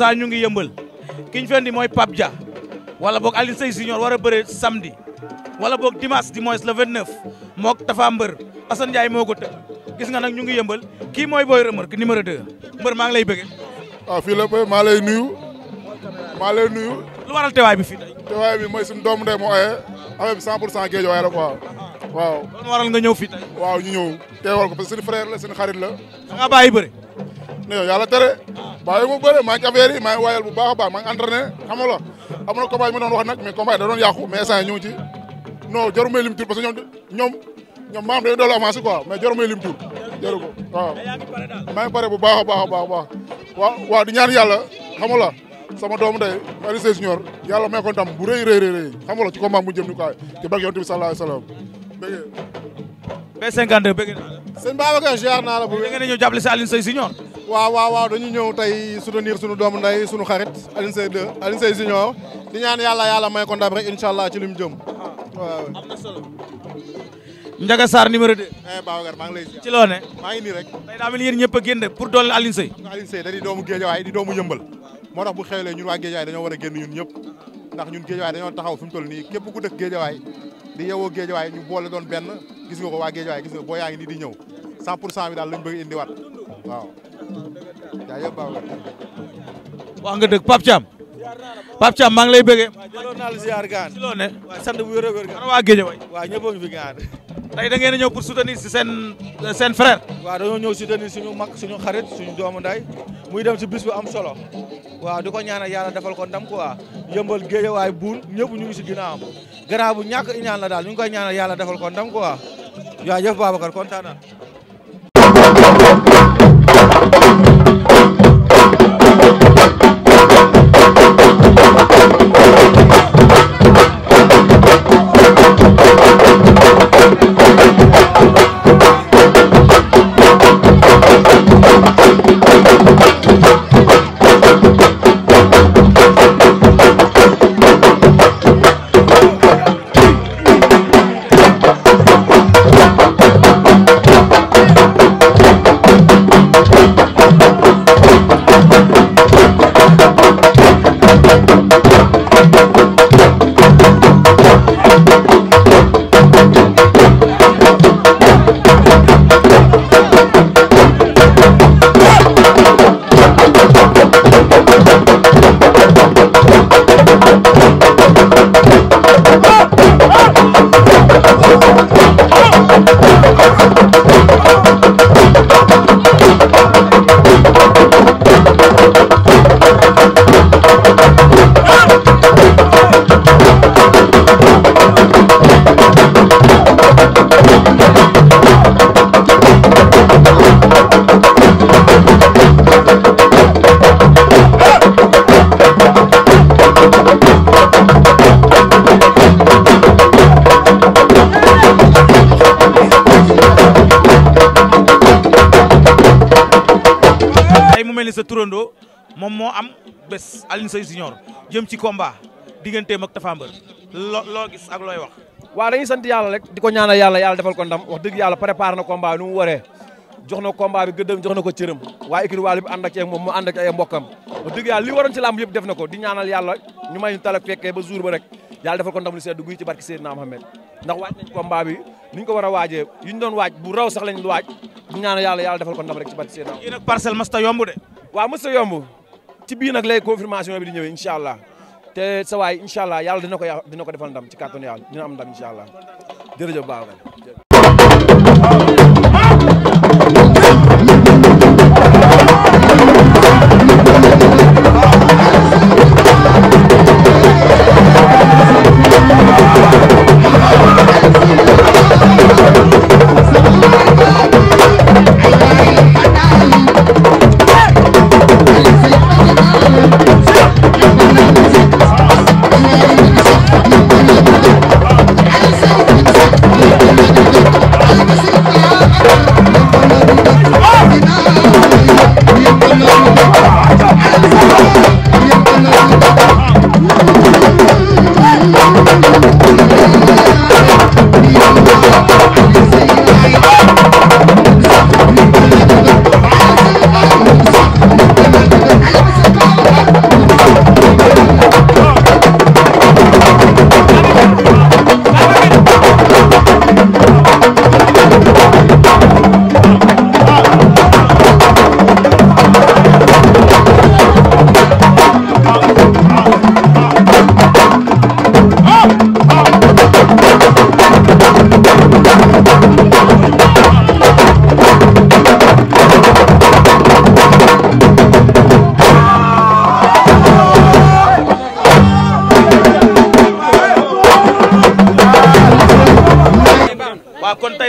Moussa ñu ngi yëmbal ki ñu fendi mooy Pape Dia wala boog Alioune Seye Junior war a bëre samedi wala boog dimanche di moins le 29 mook Tafa Mbër Assane Ndiaye moo ko të gis nga nag ñu ngi yëmbal kii mooy Boy Remarque numéro 2 Mbër maa ngi lay bëgge waaw ah, fii la ba maa lay nuyu maa lay nuyu lu waral teewaay bi fii tey teewaay bi mooy suñu doomu ndey moo oye affaire bi 100 pour cent géej waaye la quoi waaw loolu waral nga ñëw fii waaw ñu ñëw teewal ko parce que suñu frère la suñu ne yow yàlla tere bàyyi mu bëre maa ngi affaire yi maa ngi waajal bu baax a baax maa ngi entraîné xam na combat yi ma doon wax nag mais combat yi da doon yàqu mais instant ñu ngi ci non jaru may lim tur parce que ñoom ñoom maam dañu doolu avancé quoi mais jaru may maa ngi bu baax a baax a baax baax waaw waaw di ñaan yàlla xam nga la sama doomu day Alioune Sèye Junior yàlla may ko ndam bu rëy rëy rëy la ci combat bu jëm ni quoi ci barke yonent bi sallallahu alayhi wasallam bëggee B52 bëggee naa la sëñ Babacar ziar naa la bu ngeen ñëw waaw waaw waaw dañu ñëw tey soutenir suñu doomu nday suñu xarit Alioune Seye 2 Alioune Seye junior di ñaan yàlla yàlla may ko ndam rek incha allah ci li mu jëm waaw. am na solo. Ndiaga Sarr eh, ngi lay ci loo maa ngi nii rek. tey daa mel ni ñëpp génn pour dooleel Alioune Seye. Alioune Seye da di doomu Géejawaay di doomu yëmbal moo tax bu xewlee ñun waa Géejawaay dañoo war a génn ñun ñëpp ndax ñun Géejawaay dañoo taxaw fi mu toll nii képp ku dëkk Géejawaay di yeewoo Géejawaay ñu boole doon benn gis nga ko waa Géejawaay gis nga boo yaa ngi di ñëw 100 pour cent bi daal lañ bëgg indiwaat waaw jaajëf Babacar wax nga dëgg Pape Thiam Pape Thiam maa ngi lay bëggee maloon naa la ziar gaan sant bu wér a wér gaan waa géej waay waaw gaan tey da ngeen a ñëw pour soutenir si seen waa euh, frère waaw dañoo ñëw soutenir suñu mag suñu xarit suñu doomu nday muy dem si bis bu am solo waa di ko ñaanal yàlla defal ko ndam quoi yëmbal géej waay buun ñëpp ñu si ginnaawam gannaaw bu ñàkk i ñaan la daal ñu ngi koy ñaanal yàlla defal ko ndam quoi jaajëf Babacar kontaan naa Thank you. bés Alioune Seye Junior jëm ci combat digganteem ak Tapha Mbeur loo loo gis ak looy wax. waaw dañuy sant yàlla rek di ko ñaanal yàlla yàlla defal ko ndam wax dëgg yàlla préparé na combat bi nu mu waree jox na combat bi gëddëm jox na ko cërëm waaye écurie Walo bi ànd ak ci moom mu ànd ak ay mbokkam wax dëgg yàlla li waroon ci làmb yëpp def na ko di ñaanal yàlla ñu may ñu talak fekkee ba jour ba rek yàlla defal ko ndam lu seddu guy ci barki Seydina Mohamed ndax waaj nañ sax lañ waaj di ñaanal yàlla yàlla defal ko ndam ci bii nag lay confirmation bi di ñëwee incha allah te sa waay incha allah yàlla dina ko dina ko defal ndam ci kàttanu yàlla dina am ndam incha allah jërëjëf Babacar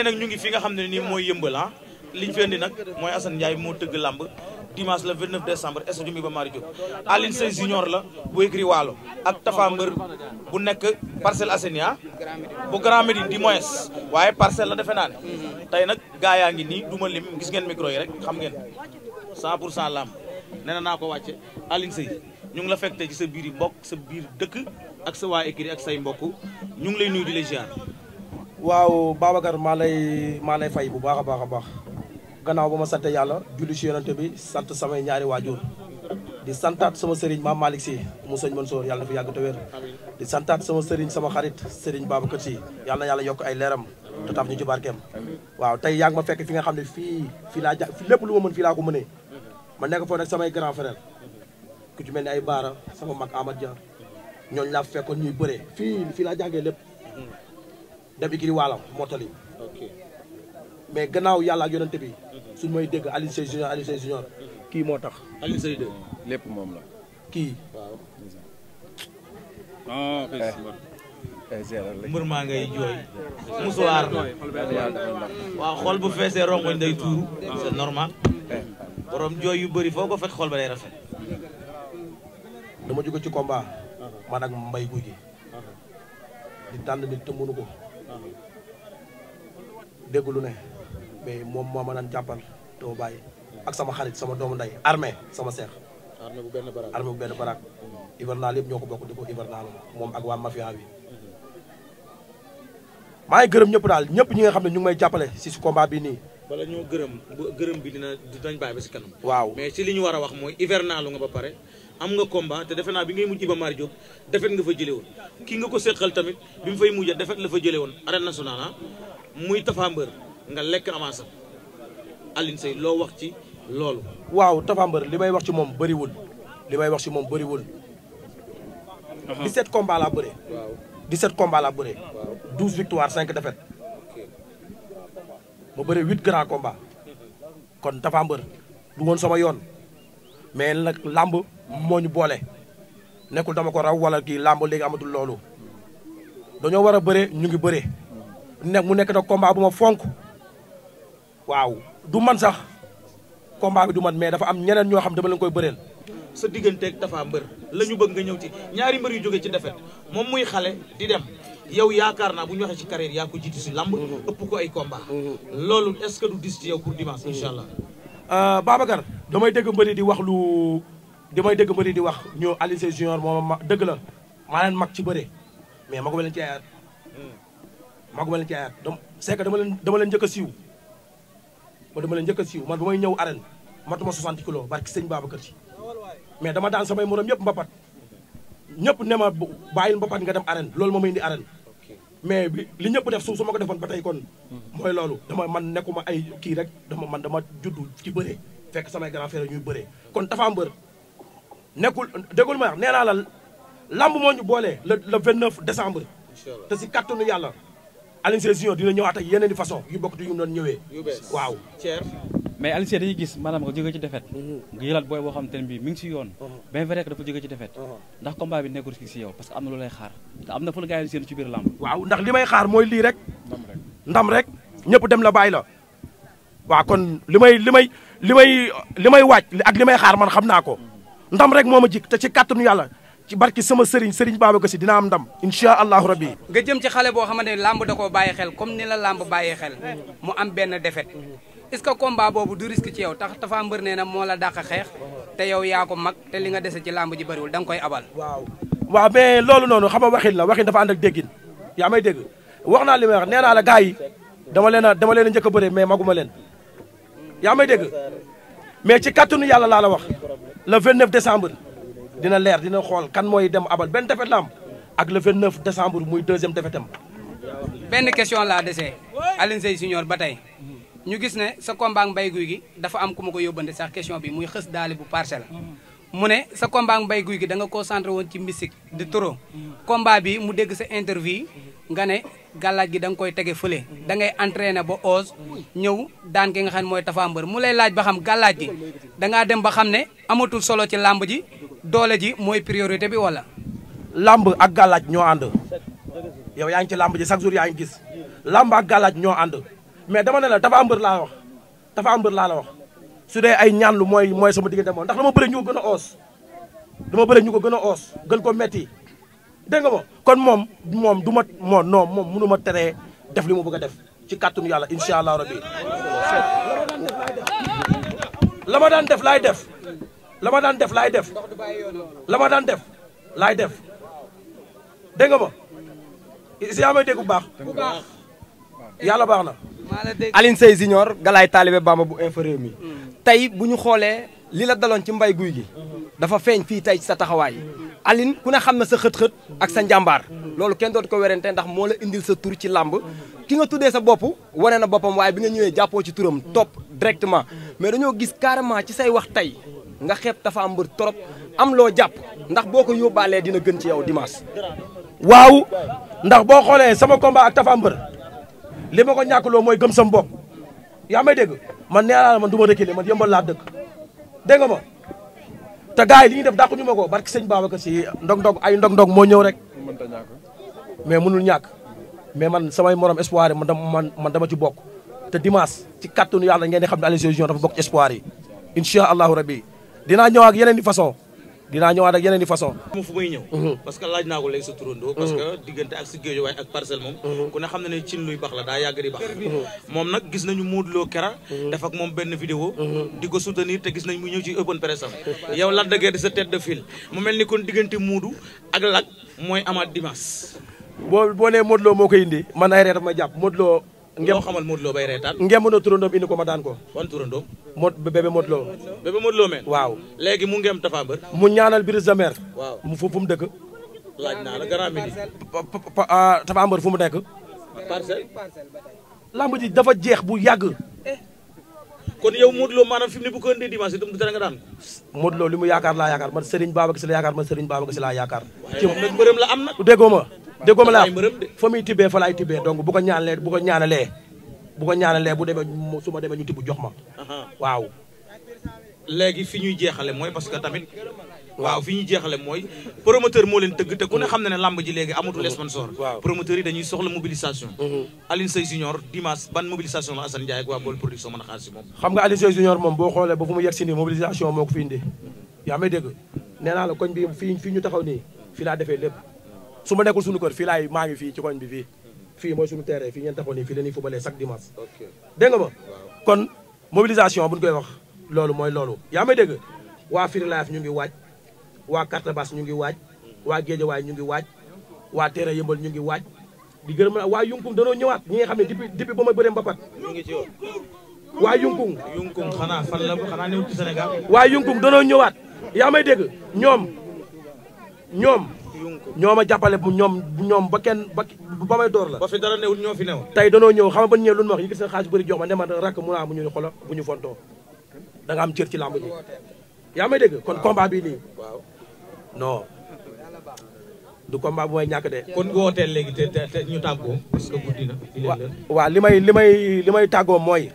tey ñu ngi fi nga xam ne nii mooy yëmbal ah li ñu fi nag mooy Assane Ndiaye moo tëgg làmb dimanche le 29 décembre stade Iba Mar Diop Alioune Sèye junior la bu écrit waalo ak Tafa Mbër bu nekk Parcelles Assainies ah. bu Grand Médine di moins waaye parcelle la defe naa ne tey nag gaa yaa ngi nii duma lim gis ngeen micro yi rek xam ngeen 100 pour cent làmb nee naa ko wàcce Alioune Sèye ñu ngi la fekk te ci sa biir mbokk sa biir dëkk ak sa waa écrit ak say mbokk ñu ngi lay nuyu di la ziar waaw Babacar maa lay maa lay fay bu baax a baax a baax gannaaw ba ma sant yàlla julli si yonante bi sant samay ñaari waajur di santaat sama sëriñ maam Malick si mu sëñ Mansour yàlla na fi yàgg te di santaat sama sëriñ sama xarit sëriñ Babacar Sy yàlla na yàlla yokk ay leeram te ñu ci barkeem waaw tey yaa ngi ma fekk fi nga xam ne fii fii laa ja lépp lu ma mën fii laa ko mënee ma nekk foofu nag samay grand frère ku ci mel ni ay Baara sama mag Amad Dia ñooñu laa fekkoon ñuy bëree fii fii laa jàngee lépp dem ikiri waalam gannaaw yàlla ak yonente bi kii moo tax Alioune moom la kii waaw ah, eh. eh, maa ngay eh, bu feesee rongoñ jooy yu bëri foo ko fekk xol ba dama jóge ci komba uh-huh. man ak mbay guy uh-huh. di tànn nit te mënu ko dégg lu ne mais moom moo ma daan jàppal te baay ak sama xarit sama doomu nday armee sama seex. armée bu benn baraak armée bu benn baraak. hivernal yëpp ñoo ko bokk di ko hivernal moom ak waa mafia bi. maa ngi gërëm ñëpp daal ñëpp ñu nga xam ne ñu ngi may jàppale si si kombaa bi nii. wala ñoo gërëm gërëm bi dina dinañ bàyyi ba si kanam. waaw mais si li ñu war a wax mooy hivernal nga ba pare. am nga combat te defe naa bi ngay mujj Iba Mar Diop defet nga fa jële woon kii nga ko séqal tamit bi mu fay mujjee defet la fa jële woon arène ah. muy Tapha nga lekk avance Alioune Seye loo wax ci loolu waaw Tapha li may wax ci moom bëriwul li may wax ci moom bëriwul 17 combats laa di 17 combats laa bëree 12 victoires 5 défaites ma bëree 8 grands combats uh-huh. kon Tapha du woon sama yoon mais nag làmb moo ñu boole nekkul dama ko raw wala kii làmb léegi amatul loolu dañoo war a bëree ñu ngi bëree nekk mu nekk nag combat bu ma fonk waaw du man sax combat bi du man mais dafa am ñeneen ñoo xam dama leen koy bëreel. sa digganteeg dafa mbër la ñu bëgg nga ñëw ci ñaari mbër yu jógee ci defet moom muy xale di dem yow yaakaar naa bu ñu waxee ci carrière yaa ko jiitu si làmb. Mm-hmm. ëpp ko ay komba mm-hmm. loolu est-ce que du dis ci yow pour dimanche incha allah. Euh, Babacar damay dégg mbëri di wax lu. di may dëgg mbëri di wax ñoo Alioune Sèye Junior moo ma dëgg la maa leen mag ci bëre mais maguma leen ci ayaat maguma leen ci ayaat donc c'est dama leen dama leen njëkk a ma dama leen njëkk a siiw man ba may ñëw arène matuma 60 kilos barki sëñ Babacar Si mais dama daan samay morom ñëpp mbapat ñëpp ne ma bàyyil mbapat nga dem arène loolu moo may indi arène mais bi li ñëpp def su su ma ko defoon ba tey kon mooy loolu dama man nekkuma ay kii rek dama man dama juddu ci bëre fekk samay grand frère ñuy bëre kon dafa am bër nekkul déggul ma wax nee la lamb moo ñu boolee le le 29 décembre. te si kattanu yàlla. Alioune Sèye Junior dina ñëwaat ak yeneen i façon yu bokk te yu mu doon ñëwee. waaw. mais Alioune Sèye dañuy gis maanaam nga jóge ci defet mhm. nga yëlaat booy boo xam te ne bii mi ngi si yoon. Mhm. bien vrai que dafa jóge ci defet mhm. ndax combat bi nekkul si yow parce que am na lu lay xaar te am na fu la gars yi ci biir lamb. waaw ndax li may xaar mooy lii rek. ndam rek ñëpp dem la bàyyi li may li may li may li ak li may xaar man xam naa ko ndam rek moo a jik te ci kàttanu yàlla ci barki sama sëriñ sëriñ Babacar Sy dina am ndam incha allahu rabbi nga jëm ci xale boo xamante ne làmb da koo bàyyi xel comme ni la làmb bàyyi xel mu am benn defet est-ce que combat boobu du risque ci yow tax Tapha Mbeur nee na moo la dàq xeex te yow yaa ko mag te li nga dese ci làmb ji bëriwul da nga koy abal waaw waaw mais loolu noonu xam nga waxin la waxin dafa ànd ak déggin yaa may dégg wax naa li may nee naa la gars yi dama leen a dama leen a njëkk a bëre mais maguma leen yaa may dégg mais ci kattanu yàlla laa la wax le 29 décembre dina leer dina xool kan mooy dem abal benn defet la am ak le 29 décembre muy deuxième defetam benn question laa desee Alioune Seye ba tey ñu gis ne sa combat ak Mbaye Gouye dafa am ku ma ko yóbbande sax question bi muy xës daale bu parcelle mu ne sa combat bay guy gi Gui da nga concentré woon ci mystique de trop combat bi mu dégg sa interview nga ne gàllaaj gi da nga koy tege fële da ngay entraîné ba oos ñëw daan ki nga xam ne mooy Tapha Mbeur mu lay laaj ba xam gàllaaj gi dangaa dem ba xam ne amatul solo ci làmb ji doole ji mooy priorité bi wala. làmb ak gàllaaj ñoo ànd yow yaa ngi ci làmb ji chaque yaa ngi gis làmb ak gàllaaj ñoo ànd mais dama ne la Tapha Mbeur laa wax Tapha Mbeur laa la wax su dee ay ñaanlu mooy mooy sama diggante moom ndax dama bëre ñu ko gën a oos dama bëre ñu ko gën a oos gën ko metti dégg nga ma kon moom moom du ma moom non moom mënu ma teree def li mu bëgg a def ci kàttanu yàlla incha allah rabbi la ma daan def laay def la ma daan def laay def la ma daan def laay def dégg nga ma si amee bu baax yàlla baax na Alioune Seye Junior Galaye Talibé Bamba bu inférieur hmm. tey bu ñu xoolee li la daloon ci mbay guy gi dafa feeñ fii tey sa taxawaay alin ku ne xam na sa xët-xët ak sa njàmbaar loolu kenn dootu ko werante ndax moo la indil sa tur ci làmb ki nga tuddee sa bopp wane na boppam waaye bi nga ñëwee jàppoo ci turam topp directement mais dañoo gis carrément ci say wax tey nga xeeb dafa am trop am loo jàpp ndax boo ko yóbbaalee dina gën ci yow dimanche. waaw ndax boo xoolee sama combat ak Tafa li ma ko ñàkk loo mooy gëm sam bopp yaa may dégg man nee naa la man du ma dëkkile laa dëkk. dégg nga ma te li ñuy def dàqu ñu ma ko barki sëñ Babacar si ndog-ndog ay ndog-ndog moo ñëw rek. mais mënul ñàkk mais man samay morom espoir yi man dama man dama ci bokk. te dimanche ci kàttanu yàlla ngeen di xam ne Aliou Seye Junior dafa bokk ci espoir yi incha allahu rabi dinaa ñëw ak yeneen i façon. dinaa ñëwaat ak yeneen i façon moom fu may ñëw mhm. parce que laaj naa ko léegi sa turandoo mhm. parce que diggante ak si Guédiawaye ak parcelle moom mhm. ku ne xam ne ne cin luy bax la daa yàgg di bax moom nag gis nañu Modou Lo kera def ak moom benn vidéo di ko soutenir te gis nañ mu ñëw ci open press am yow Lac de Guiers sa tête de mu mel ni kon diggante Modou ak Lac mooy amaat dimanche boo boo nee Modou moo koy indi man ay reer daf may jàpp Modou Lo ngem xamal Modou Lo bay reetaan ngem na turandoom indi ko ma daan ko wan turandoom mot bébé Modou Lo bébé Modou men waaw léegi mu ngem Tapha Mbeur mu ñaanal Brise de Mer waaw mu fu mu dëkk laaj naa la Grand Médine ah, Tapha fu mu nekk parcelle lamb ji dafa jeex bu yàgg eh. kon yow Modou Lo maanaam fi mu ne bu ko indee dimanche itam du tere nga daan Modou Lo li mu yaakaar laa yaakaar man Serigne Babacar Sy la yaakaar man Serigne Babacar Sy laa yaakaar ci nag bërëm la am na déggoo déggoo ma la fa muy tibbee fa laay tibbee donc bu ko ñaanalee bu ko ñaanalee bu ñaanalee bu demee su demee ñu tibb jox ma waaw léegi fi ñuy jeexale mooy parce que tamit waaw fi ñuy jeexale mooy promoteur moo leen tëgg te ku ne mm-hmm. xam na ne làmb ji léegi amatul mm-hmm. sponsor promoteur yi dañuy soxla mobilisation mm-hmm. Alioune Seye Junior dimanche ban mobilisation la Assane Ndiaye ak waa Baol Production mën a xaar moom xam nga Alioune Seye Junior moom boo xoolee ba fu mu yegg si ko fi indi ñu taxaw nii fii laa defee lépp su ma nekkul suñu kër fii laay maa ngi fii ci koñ bi fii fii mooy suñu terrain fii ngeen taxoon ni fii la ñuy fubalee chaque dimanche dégg nga ma kon mobilisation buñ koy wax loolu mooy loolu yaa may dégg waa Firlaaf ñu ngi waaj waa Kartabas ñu ngi waaj waa Géejawaay ñu ngi waaj waa terrain yëmbal ñu ngi waaj di gërëm na waa yunkum danoo ñëwaat ñi nga xam ne depuis depuis ba ma bëree mbapat ñu ngi ci waa yunkum yunkum xanaa fan xanaa néew ci waa yunkum danoo ñëwaat yaa may dégg ñoom ñoom ñoo ma jàppale bu ñoom ñoom ba kenn ba ba may door la ba fi dara newul ñoo fi newoon tey danoo ñëw xam nga ba ñëw lu ñu wax yi gis seen xaalis bëri jox ma ne ma rakk mu naa bu ñu fontoo da nga am cër ci làmb ji yaa ma dégg kon kombaa bi nii waaw non du combat bu may ñàkk de. kon nga wooteel léegi te ñu tàggoo. parce waa li may li may li may tàggoo mooy.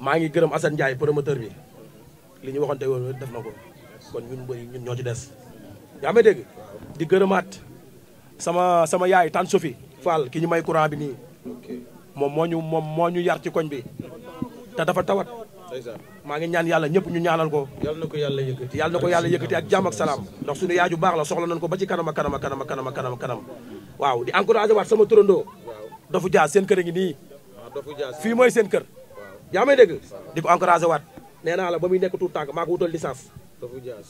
maa ngi gërëm Assane Ndiaye promoteur bi. li ñu waxante woon def na ko kon ñu mbëri ñun ñoo ci des. yaa may dégg di gërëmaat sama sama yaay tànn Sophie Fall ki ñu may courant bi nii moom moo ñu moom moo ñu yar ci koñ bi te dafa tawat maa ngi ñaan yàlla ñëpp ñu ñaanal ko yàlla na ko yàlla yëkkati yàlla na ko yàlla yëkkati ak jàmm ak ndox ndax suñu yaay ju baax la soxla nañ ko ba ci kanam ak kanam ak kanam waaw di encouragé waat sama turandoo dafu jaar seen kër a ngi nii ah, fii mooy seen kër yaa may dégg di ko encouragé waat nee naa la ba muy nekk tout tànk maa ko wutal licence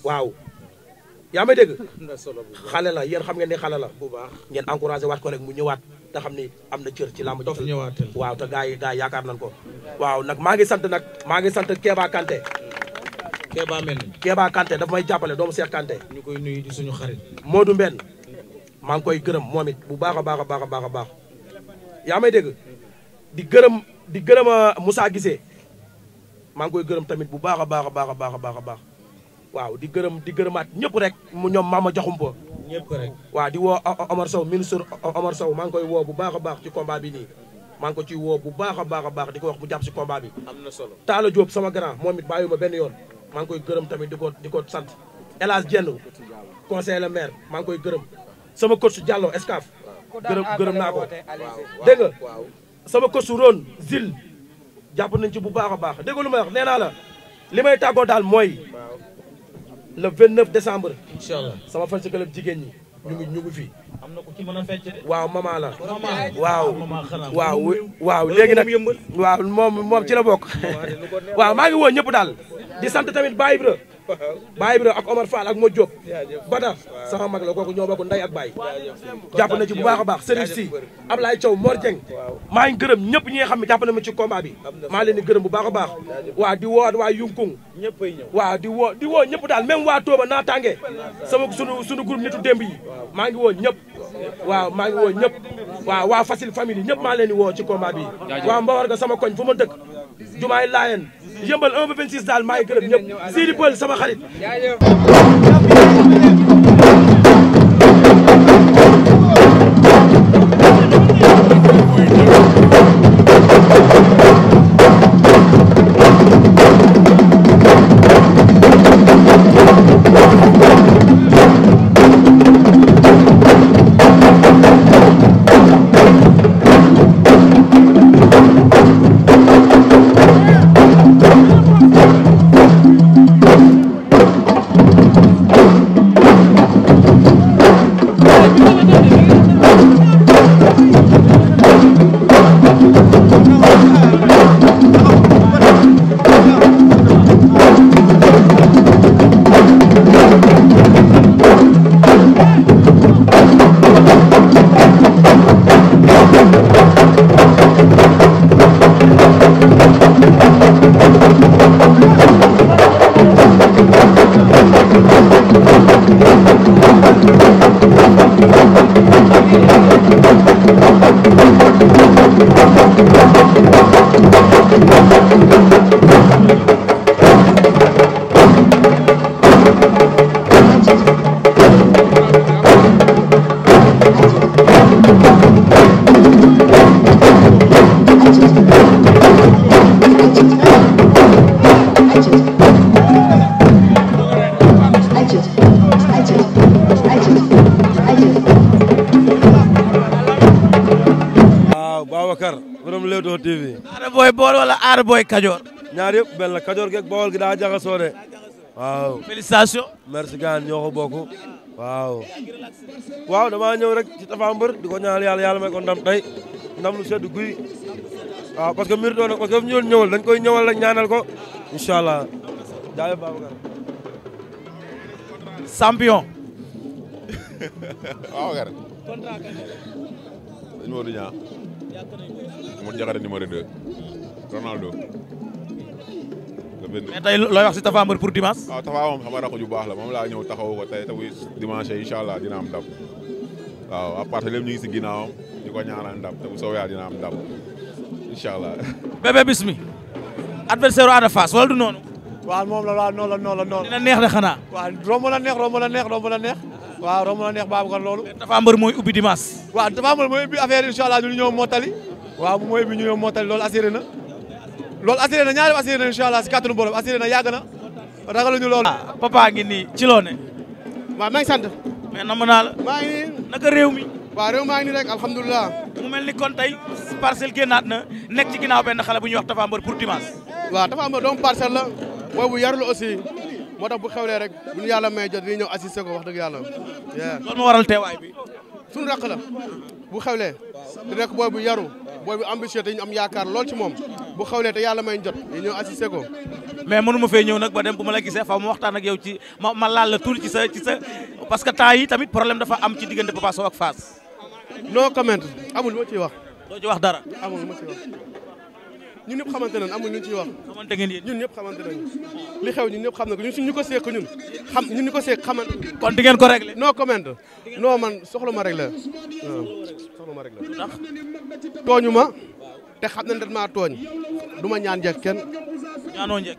waaw yaa may dégg xale la yéen xam ngeen ni xale la bu baax ngeen encouragé waat ko rek mu ñëwaat te xam ni am na cër ci làmb jox waaw te gars yi gars yi yaakaar nañ ko waaw nag maa ngi sant nag maa ngi sant Kéba Kanté Kéba mel ni Kéba Kanté daf may jàppale doomu Seex kante ñu koy nuyu di suñu xarit Modou Mbène maa ngi koy gërëm moom it bu baax a baax a baax a baax a baax yaa ma dégg di gërëm di gërëm euh, Moussa Guissé maa ngi koy gërëm tamit bu baax a baax a baax a baax a baax waaw di gërëm di gërëmaat ñëpp rek mu ñoom maama joxumpa ñëpp rek waaw di woo Omar Sow ministre Omar Sow maa ngi koy woo bu baax a baax ci combat bi nii maa ngi ko ciy woo bu baax a baax baax di ko wax bu jàpp si combat bi am na solo Talla Diop sama grand moom it bàyyi ma benn yoon maa ngi koy gërëm tamit di ko di ko sant El Hadj Dieng conseiller le maire maa ngi koy gërëm sama coach Diallo Escaf gërëm gërëm naa ko dégg nga sama coach Ron Zil jàpp nañ ci bu baax a baax dégg lu may wax nee naa la li may tàggoo daal mooy le 29 décembre. incha allah sama fan si club jigéen ñi. ñu ngi ñu fi. am na ku ci mën a fecc de. waaw mama la. waaw waaw waaw léegi nag waaw moom moom ci la bokk. waaw maa ngi woo ñëpp daal. di sant tamit Baye Ibra. Baye Ibra ak Omar Fall ak Modou Diop Badar sama mag la kooku ñoo bokk ndey ak Baye jàpp na ci bu baax a baax Serigne Sy Ablaye Thiaw Mor Dieng ngi gërëm ñëpp ñi nga xam ne jàpp na ma ci combat bi maa leen gërëm bu baax a baax waa di woo waa Yunkung waa di woo di woo ñëpp daal même waa Tooba naa tàngee sama sunu sunu groupe nitu démb yi maa ngi woo ñëpp waa maa ngi woo ñëpp waaw waa Facile famille ñëpp maa leen di woo ci combat bi waa Mbawarga sama koñ fu ma dëkk jumaay laayeen yëmbal 1 ba 26 daal maa ngi gërëm ñëpp sama xarit booy kajoor ñaar yëpp benn la kajoor geeg bawol gi daa jaxasoo de waaw merci gaan ñoo ko bokk waaw waaw damaa ñëw rek ci Tapha Mbeur di ko ñaanal yàlla yàlla may ko ndam tey ndam lu sedd guy waaw parce que mbir doon parce que ñu doon ñëwal dañ koy ñëwal rek ñaanal ko incha allah jaajëf champion Babacar dañ Ronaldo. mais tey looy wax si Tapha Mbeur pour dimanche. waaw ah, Tapha moom xama rakk baax la moom laa ñëw taxawu ko tey te bu dimanche incha allah dina am ndam. waaw à part ñu ngi si ginnaawam di ko ñaanal ndam te bu soobee yàlla dina am ndam incha allah. Bébé Bismi. adversaire Ada Fass wala du noonu. waaw moom la waaw noonu la noonu la noonu. dina neex de xanaa. waaw romb la neex romb la neex romb la neex. waaw romb la neex baabu kan loolu. Tapha Mbeur mooy ubbi dimanche. waaw Tapha loolu assuré na ñaari assuré na incha allah si kàttanu borom assuré na yàgg na ragaluñu loolu. Ah, papa ngi nii ci loo ne. maa ngi sant. mais namm maa ngi nii. naka réew mi. waaw réew maa ngi rek alhamdulilah. mu mel ni kon tey parcelle génnaat na nekk ci ginnaaw benn xale bu ñuy wax Tapha Mbeur pour dimanche. waaw Tapha Mbeur doomu parcelle la. mooy bu yarul aussi moo tax bu xewlee rek bu ñu yàlla may jot di ñëw assister ko wax dëgg yàlla. loolu ma waral teewaay bi. suñu rakk la bu xewlee di nekk booy bu yaru. booy bu ambitieux te ñu am yaakaar lool ci moom bu xawlee te yàlla may jot ñu ñëw assisté ko. mais mënu ma fee ñëw nag ba dem bu ma la gisee faaw ma waxtaan ak ci ma ma laal la tuuti ci sa ci sa parce que temps yi tamit problème dafa am ci diggante Papa Sow ak Fass. non comment amul ma ciy wax. doo ci wax dara amul lu ma ciy wax. ñun ñëpp xamante nañ amul ñun ciy wax ñun ñëpp xamante nañ li xew ñun ñëpp xam na ko ñun suñ ñu ko seek ñun xam ñun ñu ko seek xaman kon di ngeen ko réglé non comment non man soxla ma réglé soxla ma réglé ndax tooñu ma te xam nañ dañ maa tooñ du ma ñaan njëkk kenn ñaanoo njëkk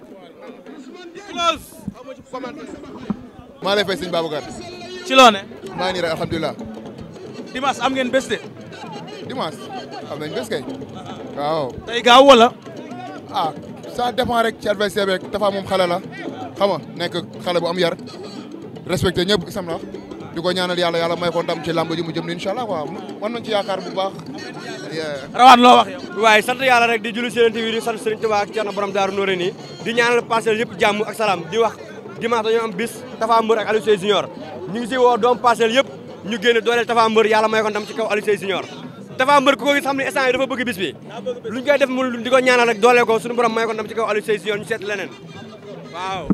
maa lay fay sëñ Babacar ci loone maa ngi nii rek alhamdulilah am ngeen bés de dimanche am nañ bés kay waaw day gaaw wala. Ah, a sa dépend rek ci adversaire beeg Tapha moom xale la xam nga nekk xale bu am yar respecté ñëpp isam la di ko ñaanal yàlla yàlla may ko ndam ci làmb ji mu jëm ni incha allah waaw mën nañu ci yaakaar bu baax. rawaan loo wax waaye sant yàlla rek di julli seen TV di sant Serigne Touba ak Thierno Borom Daaru Noreyni di ñaanal Parcelles yëpp jàmm ak salaam di wax dimanche dañoo am bis Tapha Mbeur ak Alioune Junior ñu ngi si woo doom Parcelles yëpp ñu génn dooleel Tapha Mbeur yàlla may ko ndam ci dafa mbër ko nga xam ne instant yi dafa bëgg bis bi luñ koy def mu di ko ñaanal rek doole ko suñu borom may ko ndam ci kaw Aliou Seye si yoon ñu seet leneen waaw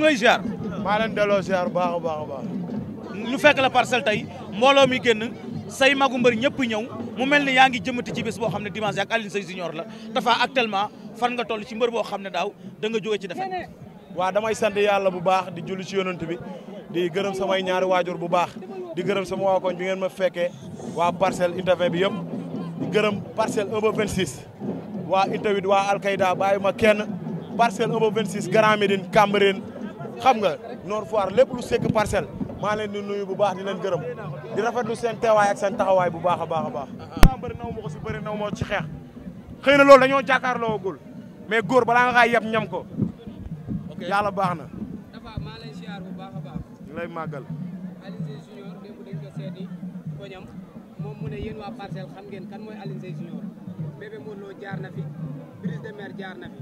ñu ngay ziar. maa leen delloo ziar baax a baax a baax. ñu fekk la parcelle tey mbooloo mi génn say magu mbër ñëpp ñëw mu mel ni yaa ngi jëmati ci bés boo xam ne dimanche ak Alioune Seye Junior la dafa actuellement fan nga toll ci mbër boo xam ne daaw da nga jóge ci defe waa damay sant yàlla bu baax di julli ci yonent bi di gërëm samay ñaari waajur bu baax di gërëm sama waa koñ bi ngeen ma fekkee waa parcelle intervin bi yëpp di gërëm parcelle 1 ba 26 waa intawit waa alkayda bàyyi ma kenn parcelle 1 ba xam nga Nord Foire lépp lu sekk parcelle maa di nuyu bu baax di leen gërëm di rafetlu seen teewaay ak seen taxawaay bu baax a baax a baax. Ah, maa bëri naw si bëri naw ma ci xeex xëy na loolu dañoo jàkkaarloo gul góor balaa nga xaay ko. yàlla baax na. dafa maa bu baax a baax. ñu lay màggal. Alioune moom mu ne yéen waa parcelle xam ngeen kan mooy Alioune Seye junior bébé Modou Lo jaar na fi Brise de Mer jaar na fi.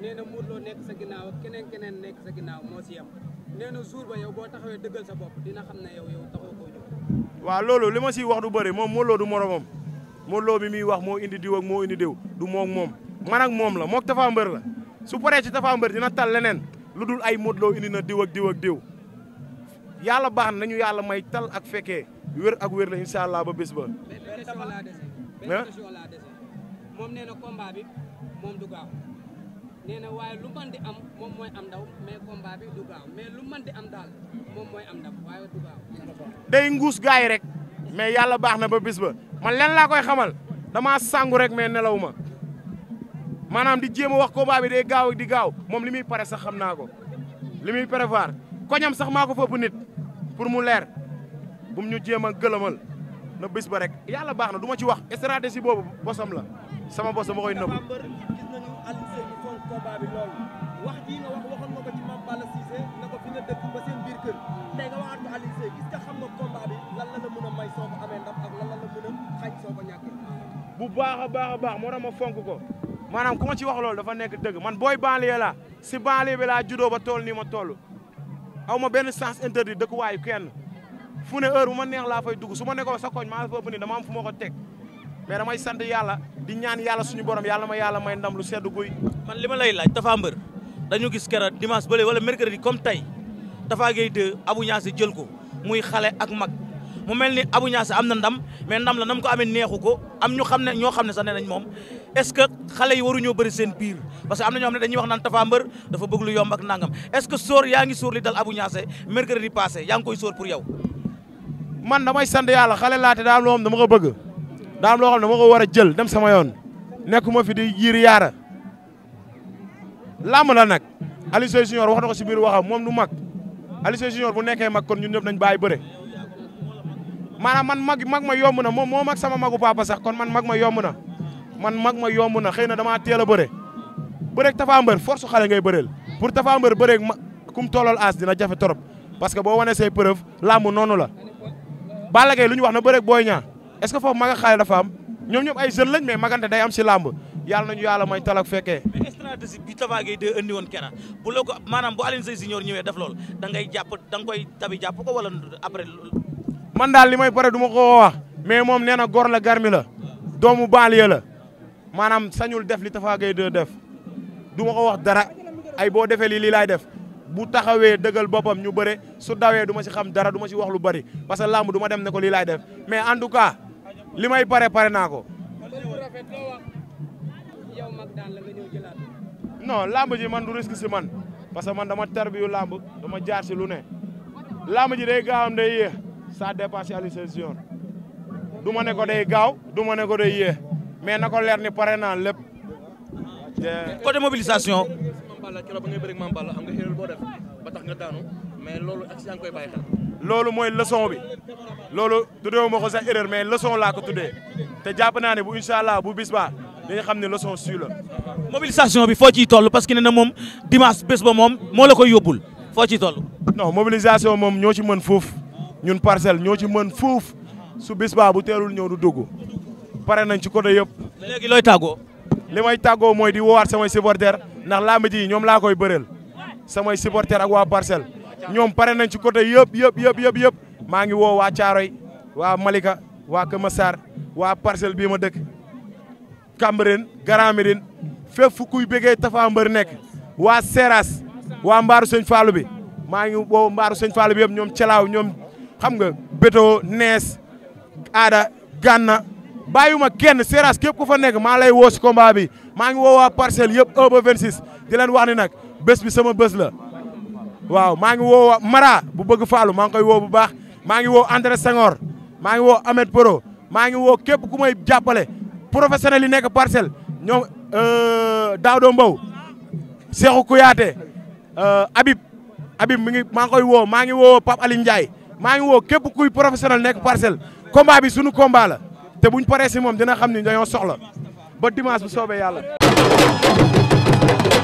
nee na nekk sa keneen keneen nekk sa moo si yem nee ba yow boo taxawee dëggal sa bopp dina xam ne yow yow taxaw koo jóg. waaw li ma siy wax du bëri moom Modou du moromam Modou Lo bi muy wax moo indi diw ak moo indi diw du moog moom man ak moom la moog Tapha la su paree ci Tapha dina tal leneen lu dul ay Modou indi na diw ak diw ak diw yàlla baax nañu yàlla may tal ak fekkee wér ak wér la incha allah ba bés ba. nee na waaye lu man am mooy am ndaw mais am daal moom nguus gars yi rek mais yàlla baax na ba bis ba man len laa koy xamal damaa sangu rek mais nelaw ma maanaam di jéem a wax combat bi day gaaw di gaaw moom li muy pare sax xam naa ko li muy prévoir koñam sax maako ko fëpp nit pour mu leer bum ñu jéem a gëlëmal na bis ba rek yàlla baax na duma ma ci wax stratégie boobu bosam la sama bosam ma koy nëbb combat bi loolu wax jii nga wax waxoon nga ko na ko fi nga dëkk ba seen biir kër tey nga waxaat gis nga xam nga combat lan la la a may soo ko amee ndam ak lan la la xañ soo ko bu baax a baax moo tax ma fonk ko maanaam ku ma ci wax loolu dafa nekk dëgg man booy banlieue la si banlieue laa juddoo ba tool nii ma toll aw ma benn sens interdit dëkkuwaayu kenn fu ne heure bu ma neex laa foy dugg su ma nekkoon sa koñ maa fa ëpp dama am fu ma ko teg mais damay sant yàlla di ñaan yàlla suñu borom yàlla ma yàlla may ndam lu sedd guy. man li ma lay laaj Tapha Mbeur dañu gis keroog dimanche bële wala mercredi comme tey Tapha Gueye 2 Abou Niasse jël ko muy xale ak mag mu mel ni Abou Niasse am na ndam mais ndam la na mu ko amee neexu ko am ñu xam ne ñoo xam ne sax nee nañ moom est-ce que xale yi waruñoo bëri seen biir parce que am na ñoo xam ne dañuy wax naan Tapha Mbeur dafa bëgg lu yomb ak nangam est-ce que sóor yaa ngi sóor li dal Abou Niasse mercredi passé yaa ngi pour yow. man daa am na moo ne ko war a jël dem sama yoon nekk ma fi di yiir yaara làmb la nag Aliou Seye Junior wax na ko si biir waxam moom du mag Aliou Seye Junior bu nekkee mag kon ñun ñëpp nañ bàyyi bëre maanaam man mag mag ma yomb na moom moo mag sama magu papa sax kon man mag ma yomb na man mag ma yomb na xëy na damaa teel a bëre bëreeg Tapha Mbeur force xale ngay bëreel pour Tapha Mbeur bëreeg ma kum tollal as dina jafe torop parce que boo wanee say preuve làmb noonu la Balla lu ñu wax na bëreeg Boy Niang est-ce que foofu mag ak xale dafa am ñoom ñëpp ay jeunes lañ mais magante day am si làmb yàlla nañu yàlla may talak fekkee mais stratégie bi Tapha Gueye de andi woon kera bu la ko bu Alioune def loolu da ngay jàpp da nga koy tabi jàpp ko wala après daal li may pare du ma ko mais moom nee na góor la garmi la doomu banlieue la maanaam sañul def li Tapha Gueye de def du ma ko wax dara ay boo defee lii lii laay def bu taxawee dëggal boppam ñu bëre su dawee du ma si xam dara duma si wax lu bëri parce que làmb duma dem ne ko lii laay def mais en li may pare pare naa ko. non lamb ji man du risque si man parce que man dama tarbiyu lamb dama jaar si lu ne lamb ji day gaaw am day yéex ça dépasse Alioune Sèye Junior du ma ne ko day gaaw du ma ne ko day yéex mais na ko leer ni pare naa lépp. côté mobilisation. Mame Balla keroog ba ngay bëri Balla am nga xéewal boo def ba nga daanu. mais loolu ak si loolu mooy leçon bi loolu tuddee moo ko sax erreur mais leçon laa ko tuddee te jàpp naa ne bu incha allah bu bisbaa baa dañu xam ne leçon su la. mobilisation bi foo ciy toll parce que nee na moom dimanche bés ba moom moo la koy yóbbul foo ciy toll. non mobilisation moom ñoo ci mën foofu ñun parcelle ñoo ci mën foofu su bis bu teelul ñëw du dugg pare nañ ci côté yëpp. léegi looy tàggoo. li may tàggoo mooy di woowaat samay supporters ndax làmb ji ñoom laa koy bëreel samay supporters ak waa parcelle. ñoom pare nañ ci côté yëpp yëpp yëpp yëpp yëpp maa ngi woo waa Caaroy waa Malika waa Kër Massar waa parcelle bii ma dëkk Cambérène Grand Médine fépp fu kuy bëggee Tapha Mbeur nekk waa Seras waa Mbaaru Sëñ Fallou bi maa ngi woo Mbaaru Sëñ Fallou bi yëpp ñoom Calaaw ñoom xam nga Beto Nees Aada Ganna ma kenn Seras képp ku fa nekk maa lay woo si combat bi maa ngi woowa waa yëpp 1 ba 26 di wax ni nag bés bi sama bës la. waaw maa ngi woo Mara bu bëgg faalu maa ngi koy woo bu baax maa ngi woo André Senghor maa ngi woo Ahmed Poro maa ngi woo képp ku may jàppale professionnel yi nekk parcelle ñoom euh, Daoudo Mbow Cheikhou Kouyaté euh, Habib Habib mi ngi maa ngi koy woo maa ngi woo Pape Ndiaye maa ngi woo képp kuy professionnel nekk parcelle combat bi sunu combat te buñ paree si moom dina xam ni dañoo soxla ba dimanche bu soobee yàlla